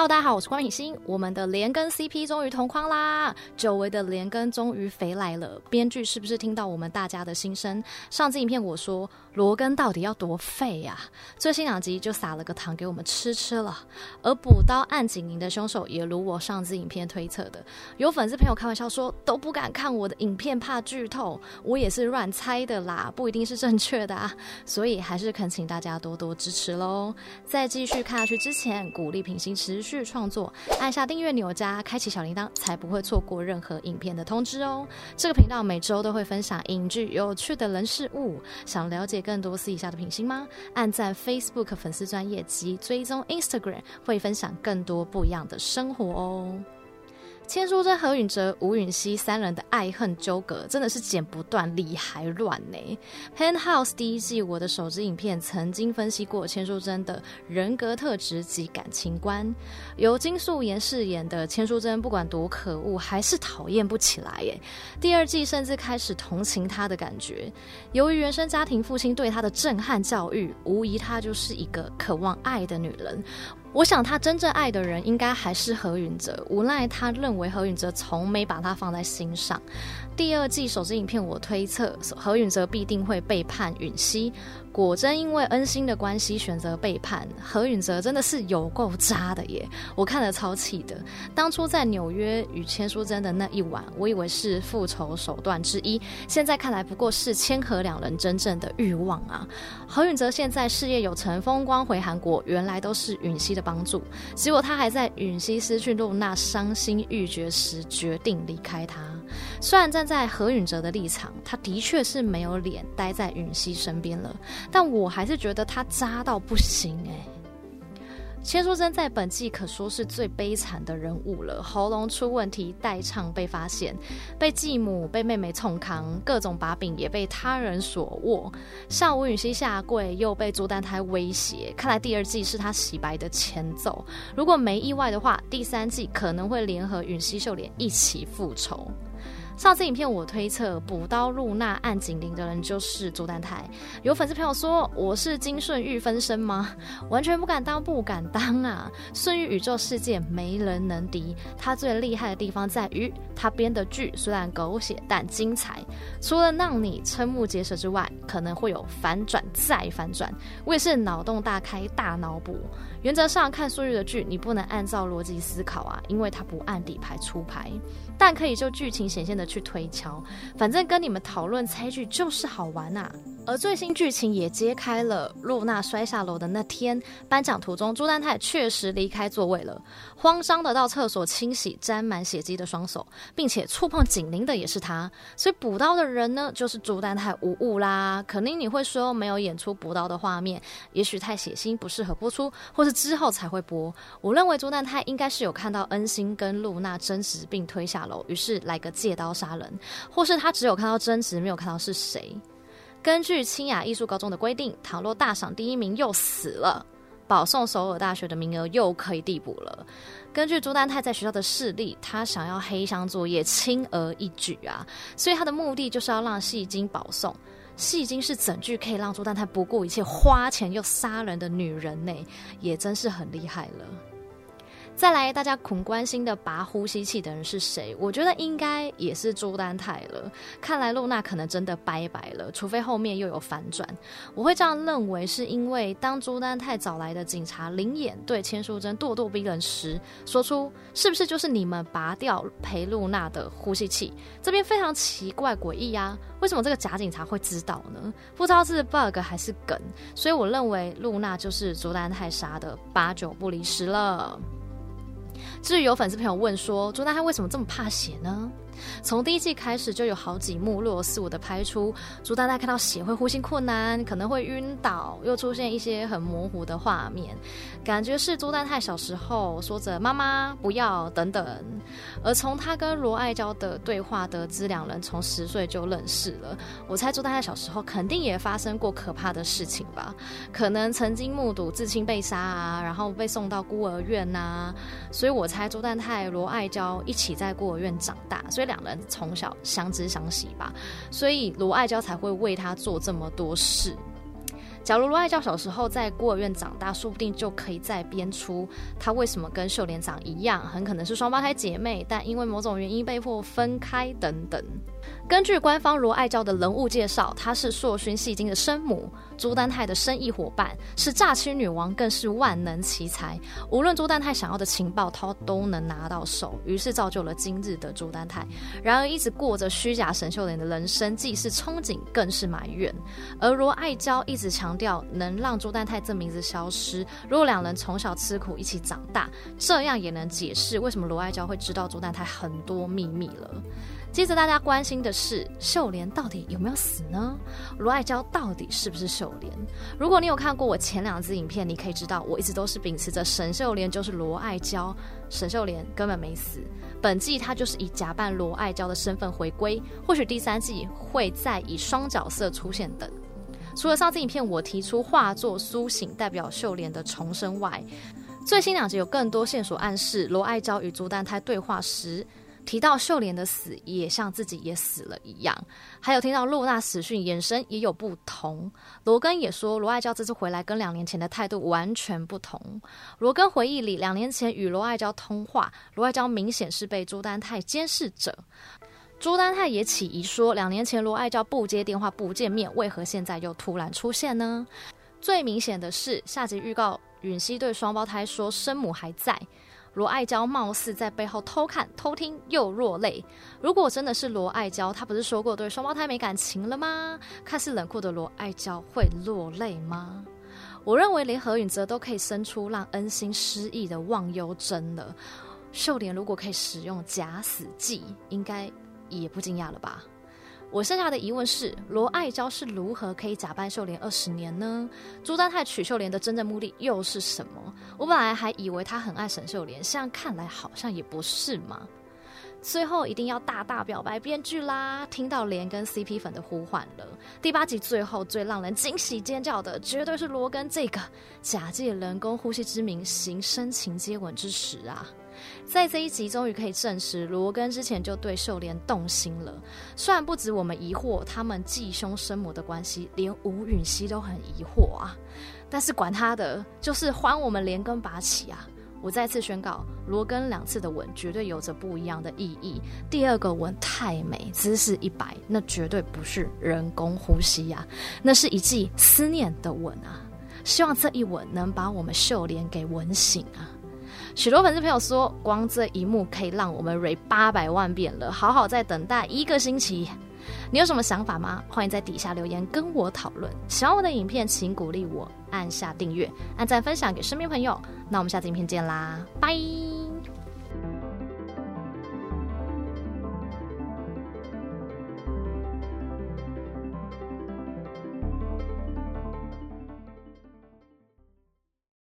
Hello，大家好，我是官品心。我們的蓮根 CP 終於同框啦，久違的蓮根終於肥來了。編劇是不是聽到我們大家的心聲？上次影片我說羅根到底要多廢呀？啊？最新兩集就撒了個糖給我們吃吃了。而補刀案警營的凶手也如我上次影片推測的。有粉絲朋友開玩笑說都不敢看我的影片怕劇透，我也是亂猜的啦，不一定是正確的，啊，所以還是懇請大家多多支持咯。在繼續看下去之前，鼓勵品心持續劇創作，按下訂閱鈕加，開啟小鈴鐺，才不會錯過任何影片的通知哦。這個頻道每週都會分享影劇有趣的人事物，想了解更多私底下的品心嗎？按讚 Facebook 粉絲專頁及追蹤 Instagram，會分享更多不一樣的生活哦。千書真、河允哲、吳允熙三人的愛恨糾葛，真的是剪不斷、理還亂呢、欸。《Penthouse》第一季，我的首支影片曾經分析過千書真的人格特質及感情觀。由金素妍飾演的千書真不管多可惡，還是討厭不起來耶、欸。第二季甚至開始同情她的感覺。由於原生家庭父親對她的震撼教育，無疑她就是一個渴望愛的女人。我想他真正愛的人應該還是河允哲。無奈他認為河允哲從沒把他放在心上。第二季首支影片，我推測河允哲必定會背叛允熙。果真因為恩心的關係選擇背叛河允哲，真的是有夠渣的耶！我看得超氣的。當初在紐約與千書真的那一晚，我以為是復仇手段之一，現在看來不過是千和兩人真正的慾望啊。河允哲現在事業有成，風光回韓國，原來都是允熙的幫助。結果他還在允熙失去露娜傷心欲絕時決定離開他。雖然站在河允哲的立場，他的確是沒有臉待在允熙身邊了，但我還是覺得他渣到不行誒。千書真在本季可說是最悲慘的人物了，喉嚨出問題，代唱被發現，被繼母、被妹妹寵扛，各種把柄也被他人所握，向吳允熙下跪，又被朱丹泰威脅。看來第二季是他洗白的前奏，如果沒意外的話，第三季可能會聯合允熙、秀蓮一起復仇。上次影片我推測補刀露娜按警鈴，的人就是朱丹泰，有粉絲朋友說我是金順玉分身嗎？完全不敢當不敢當啊！順玉宇宙世界沒人能敵，他最厲害的地方在於他編的劇雖然狗血，但精彩，除了讓你瞠目結舌之外，可能會有反轉再反轉，我也是腦洞大開大腦補。原則上看順玉的劇，你不能按照邏輯思考啊，因為他不按底牌出牌，但可以就劇情顯現的去推敲。反正跟你們討論猜劇就是好玩啊。而最新劇情也揭開了露娜摔下樓的那天頒獎途中，朱丹泰確實離開座位了，慌張的到廁所清洗沾滿血跡的雙手，並且觸碰警鈴的也是他，所以補刀的人呢，就是朱丹泰無誤啦。肯定你會說沒有演出補刀的畫面，也許太血腥不適合播出，或者……之後才會播。我認為朱丹泰應該是有看到恩星跟露娜爭執並推下樓，於是來個借刀殺人，或是他只有看到爭執，沒有看到是誰。根據清雅藝術高中的規定，倘若大賞第一名又死了，保送首爾大學的名額又可以遞補了。根據朱丹泰在學校的勢力，他想要黑箱作業輕而易舉啊，所以他的目的就是要讓錫京保送。戲精是整劇可以讓出，但她不顧一切花錢又殺人的女人呢，也真是很厲害了。再來，大家很關心的拔呼吸器的人是誰？我覺得應該也是朱丹泰了。看來露娜可能真的掰掰了，除非後面又有反轉。我會這樣認為，是因為當朱丹泰找來的警察靈眼對千書真咄咄逼人時，說出“是不是就是你們拔掉裴露娜的呼吸器？”這邊非常奇怪詭異啊！為什麼這個假警察會知道呢？不知道是 bug 還是梗。所以我認為露娜就是朱丹泰殺的，八九不離十了。至於有粉絲朋友問說，朱丹泰為什麼這麼怕血呢？從第一季開始就有好幾幕若有似無的拍出，朱丹泰看到血會呼吸困難，可能會暈倒，又出現一些很模糊的畫面，感覺是朱丹泰小時候說着“媽媽不要”等等。而從他跟羅愛嬌的對話得知，兩人從十歲就認識了，我猜朱丹泰小時候肯定也發生過可怕的事情吧？可能曾經目睹至親被殺啊，然後被送到孤兒院吶、啊，所以我猜朱丹泰、羅愛嬌一起在孤兒院長大，所以兩人從小相知相惜吧。所以羅愛嬌才會為他做這麼多事。假如羅愛嬌小時候在孤兒院長大，說不定就可以再編出他為什麼跟秀蓮長一樣，很可能是雙胞胎姐妹，但因為某種原因被迫分開等等。.根據官方羅愛嬌的人物介紹，她是奭勳奭慶的生母，朱丹泰的生意夥伴，是詐欺女王，更是萬能奇才。無論朱丹泰想要的情報，她都能拿到手，於是造就了今日的朱丹泰。然而，一直過着虛假沈秀蓮的人生，既是憧憬，更是埋怨。而羅愛嬌一直強調，能讓朱丹泰這名字消失。如果兩人從小吃苦，一起長大，這樣也能解釋為什麼羅愛嬌會知道朱丹泰很多秘密了。接着大家關心的是，秀蓮到底有沒有死呢？羅愛嬌到底是不是秀蓮？如果你有看過我前兩支影片，你可以知道，我一直都是秉持着沈秀蓮就是羅愛嬌，沈秀蓮根本沒死。本季她就是以假扮羅愛嬌的身份回歸，或許第三季會再以雙角色出現等。除了上次影片我提出畫作甦醒代表秀蓮的重生外，最新兩集有更多線索暗示羅愛嬌與朱丹泰對話時。提到秀蓮的死，也像自己也死了一樣；還有聽到露娜死訊，眼神也有不同。羅根也說，羅愛嬌這次回來跟兩年前的態度完全不同。羅根回憶裡，兩年前與羅愛嬌通話，羅愛嬌明顯是被朱丹泰監視着。朱丹泰也起疑，說兩年前羅愛嬌不接電話、不見面，為何現在又突然出現呢？最明顯的是，下集預告允熙對雙胞胎說，生母還在。羅愛嬌貌似在背後偷看、偷聽又落淚。如果真的是羅愛嬌，她不是說過對雙胞胎沒感情了嗎？看似冷酷的羅愛嬌會落淚嗎？我認為連河允哲都可以生出讓恩心失憶的忘憂針了。秀蓮如果可以使用假死劑，應該也不驚訝了吧？我剩下的疑問是：羅愛嬌是如何可以假扮秀蓮二十年呢？朱丹泰娶秀蓮的真正目的又是什麼？我本來還以為他很愛沈秀蓮，現在看來好像也不是嘛。最後一定要大大表白編劇啦！聽到蓮根 CP 粉的呼喚了。第八集最後最讓人驚喜尖叫的，絕對是羅根這個假借人工呼吸之名行深情接吻之實啊！在這一集終於可以證實羅根之前就對秀蓮動心了。雖然不止我們疑惑他們繼兄生母的關係，連吳允熙都很疑惑啊。但是管他的，就是還我們連根拔起啊！我再次宣告，羅根兩次的吻絕對有着不一樣的意義。第二個吻太美，姿勢一擺，那絕對不是人工呼吸呀，啊，那是一記思念的吻啊！希望這一吻能把我們秀蓮給吻醒啊！許多粉絲朋友說，光這一幕可以讓我們瑞八百萬遍了，好好再等待一個星期。你有什麼想法嗎？歡迎在底下留言跟我討論。喜歡我的影片，請鼓勵我按下訂閱、按讚、分享給身邊朋友。那我們下次影片見啦，拜。